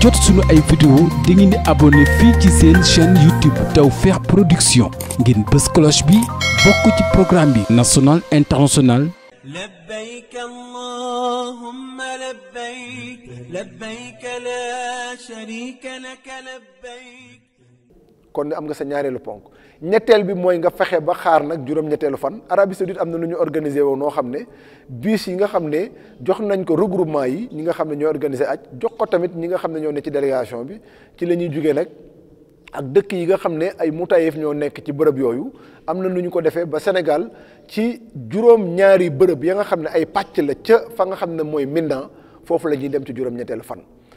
jot suñu ay vidéo da ngeen di abonné fii ci seen chaîne YouTube Tawfekh Production ngeen bës cloche bi bokk ci programme bi national international labbayk allahumma labbayk labbayk la sharika lak labbayk kon am nga sa ñaareelu ponk ñetteel bi mooy nga fexe ba xaar nag juróom-ñetteelu fan Arabie Saoudite am na nu ñu organiser woo noo xam ne bus yi nga xam ne jox nañ ko regroupement yi ñi nga xam ne ñoo organiser aj jox ko tamit ñi nga xam ne ñoo ne ci délégation bi ci lañuy ñuy jugee nag ak dëkk yi nga xam ne ay mutayif ñoo nekk ci bërëb yooyu am na nu ñu ko defee ba Sénégal ci juróom-ñaari bërëb ya nga xam ne ay pàcc la ca fa nga xam ne mooy Minna foofu la ñuy dem ci juróom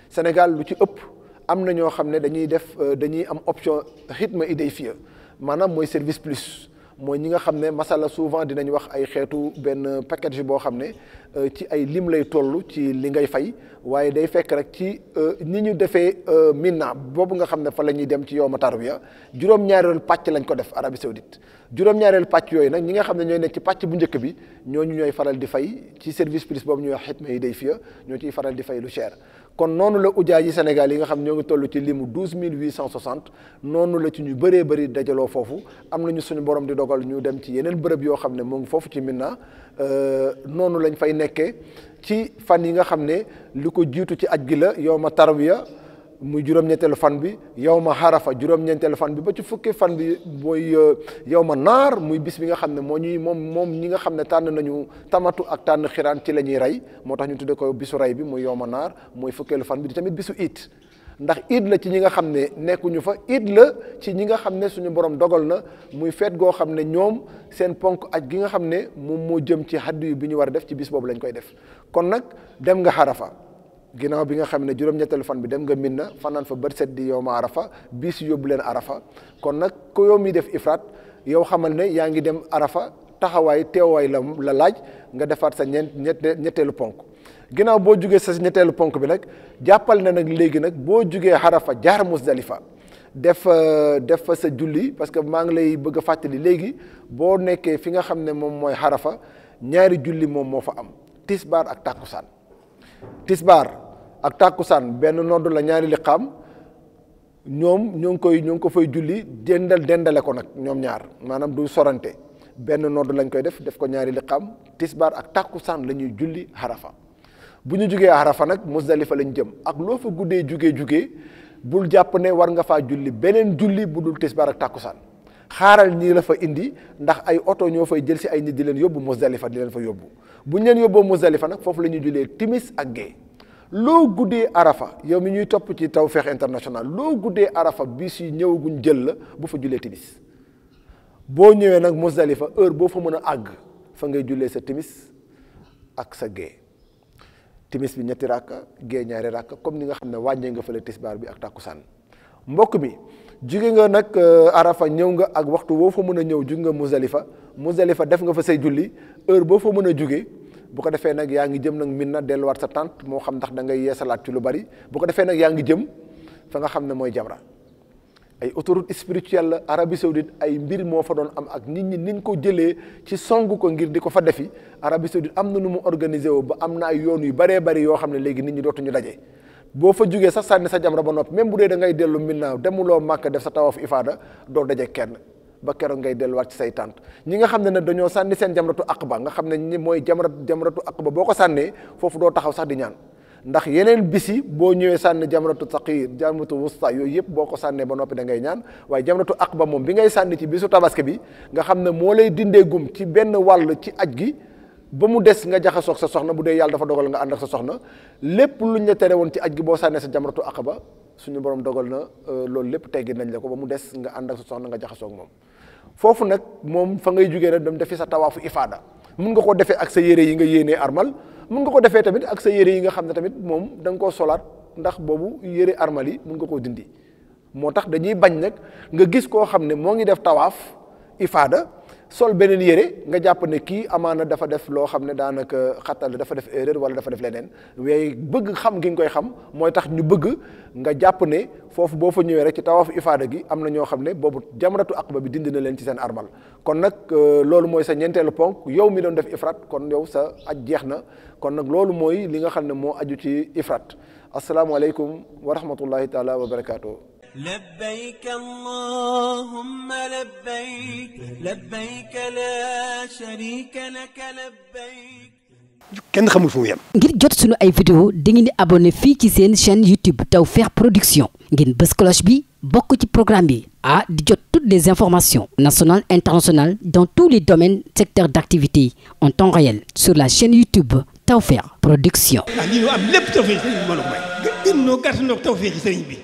Sénégal lu ci ëpp. am na ñoo xam ne dañuy def euh, dañuy am option rythme idée fii maanaam mooy service plus mooy ñi nga xam ne masala souvent dinañ wax ay xeetu benn package boo xam ne euh, ci ay limu lay toll ci li ngay fay waaye day fekk rek ci euh, ni ñu defee euh, minna boobu nga xam ne fa la ñuy dem ci yow ma tarwiya juróom-ñaareelu pàcc lañ ko def Arabie Saoudite juróom-ñaareelu pàcc yooyu nag ñi nga xam ne ñooy nekk ci pàcc bu njëkk bi ñooñu ñooy faral di fay ci service plus boobu ñuy wax xitma yi day fiya ñoo ciy faral di fay lu cher kon noonu la ujaa yi Sénégal yi nga xam ñoo ngi toll ci limu 12 860 noonu la ci ñu bëree bëri dajaloo foofu am nañu suñu borom di dogal dogal ñu dem ci yeneen bërëb yoo xam ne mu ngi foofu ci Mina euh, noonu lañ fay nekkee ci fan yi nga xam ne li ko jiitu ci aj gi la yow ma tarwiya muy juróom-ñeenteelu fan bi yow ma xarafa juróom-ñeenteelu fan bi ba ci fukki fan bi mooy euh, yow ma naar muy bis bi nga xam ne moo ñuy moom moom ñi nga xam ne tànn nañu tamatu ak tànn xiraan ci la ñuy rey moo tax ñu tudde ko bisu rey bi muy yow ma naar mooy fukkeelu fan bi di tamit bisu it ndax iid la ci ñi nga xam ne nekkuñu fa it la ci ñi nga xam ne suñu borom dogal na muy feet goo xam ne ñoom seen ponk aj gi nga xam ne moom moo jëm ci haddu bi ñu war a def ci bis boobu lañ koy def kon nag dem nga xarafa ginnaaw bi nga xam ne juróom-ñetteelu bi dem nga minna fanaan fa bët set di yow ma arafa bis yóbbu leen arafa kon nag ku yow mi def ifraat yow xamal ne yaa ngi dem arafa taxawaay teewaay la la laaj nga defaat sa ñeent ñetteelu ponk ginnaaw boo jógee sa ñetteelu ponk bi nag jàppal na nag léegi nag boo jugee xarafa jaar musdalifa def euh, def fa sa julli parce que maa ngi lay bëgg fàttali léegi boo nekkee fi nga xam ne moom mooy xarafa ñaari julli moom moo fa am tisbaar ak tàkkusaan tisbaar ak tàkkusaan benn nodd la ñaari liqaam ñoom ñoo ngi koy ñoo ngi ko fay julli dendal dendale ko nag ñoom ñaar maanaam du sorante benn nodd lañ koy def def ko ñaari liqaam tisbaar ak tàkkusaan la ñuy julli xarafa bu ñu jugee Arafa nag Musdalifa lañ jëm ak loo fa guddee jugee jugee bul jàpp ne war nga faa julli beneen julli bu dul tisbaar ak tàkkusaan xaaral ñii la fa indi ndax ay oto ñoo fay jël si ay nit di leen yóbbu Musdalifa di leen fa yóbbu bu ñu leen yóbboo Musdalifa nag foofu la ñuy jullee timis ak gée loo guddee arafa yow mi ñuy topp ci Tawfekh International loo guddee arafa bis yi ñëwaguñ jël la bu fa jullee timis boo ñëwee nag Musdalifa heure boo fa mën a àgg fa ngay jullee sa timis ak sa timis bi ñetti ràkka gée ñaari ràkka comme ni nga xam ne wàññee nga fële tisbaar bi ak tàkkusaan mbokk mi juge nga nag euh, arafa ñëw nga ak waxtu boo fa mën a ñëw jug nga musdalifa musdalifa def nga fa say julli heure boo fa mën a jóge bu ko defee nag yaa ngi jëm nag min na delluwaat sa tànt moo xam ndax da ngay salaat ci lu bari bu ko defee nag yaa ngi jëm fa nga xam ne mooy jamra ay autoroute spirituelle la Arabie Saoudite ay mbir moo fa doon am ak nit ñi niñ ko jëlee ci song ko ngir di ko fa defi Arabie Saoudite am na nu mu organisé woo ba am na ay yoon yu baree bari yoo xam ne léegi nit ñi dootuñu daje. boo fa jugee sax sànni sa jamra ba noppi même bu dee da ngay dellu Mina demuloo Màkka def sa tawaf ifaada doo daje kenn ba keroog ngay delluwaat ci say tànt ñi nga xam ne nag dañoo sànni seen jamratu ba nga xam ne ñi mooy jamrat jamratu aqba boo ko sànnee foofu doo taxaw sax di ñaan. ndax yeneen bis yi boo ñëwee sànni jamratu taqir jamratu wusta yooyu yëpp boo ko sànnee ba noppi dangay ngay ñaan waaye jamratu aqba moom bi ngay sànni ci bisu tabaski bi nga xam ne moo lay dindee gum ci benn wàll ci aj gi ba mu des nga jaxasoog sa soxna bu dee yàlla dafa dogal nga ànd ak sa soxna lépp luñ la tere woon ci aj gi boo sànnee sa àq ba suñu borom dogal na euh, loolu lépp teggi nañ la ko ba mu des nga ànd ak sa soxna nga jaxasoog moom foofu nag moom fa ngay jugee nag dam defi sa tawaafu ifaada mun nga koo defee ak sa yére yi nga yéenee armal mun nga ko defee tamit ak sa yére yi nga xam ne tamit moom danga koo solaat ndax boobu yére armali mun nga koo dindi moo tax dañuy bañ nag nga gis koo xam ne moo ngi def tawaaf ifaada sol beneen yére nga jàpp ne kii amaana dafa def loo xam ne daanaka xatal dafa def erreur wala dafa def leneen waaye bëgg xam gi nga koy xam mooy tax ñu bëgg nga jàpp ne foofu boo fa ñëwee rek ci tawaaf ifaada gi am na ñoo xam ne boobu jamratu aqba bi dindi na leen ci seen armal kon nag euh, loolu mooy sa ñeenteelu ponk yow mi doon def ifrat kon yow sa aj jeex na kon nag loolu mooy li nga xam ne moo aju ci ifrat asalaamualeykum wa rahmatullahi taala wa barakaatu. لبيك اللهم لبيك لبيك لا شريك لك لبيك kenn xamul fu mu yem ngir jot sunu ay vidéo dangeen di abonné fii ci seen chaîne YouTube Tawfekh Production ngeen bës cloche bi bokk ci programme bi ah di jot toutes les informations nationales internationales dans tous les domaines secteurs d'activité en temps réel sur la chaîne YouTube Tawfekh Production. ah lii am lépp tawfeex ci sëriñ bi mbooloo mooy. gën gën ñoo gàtt ñoo tawfeex ci sëriñ bi.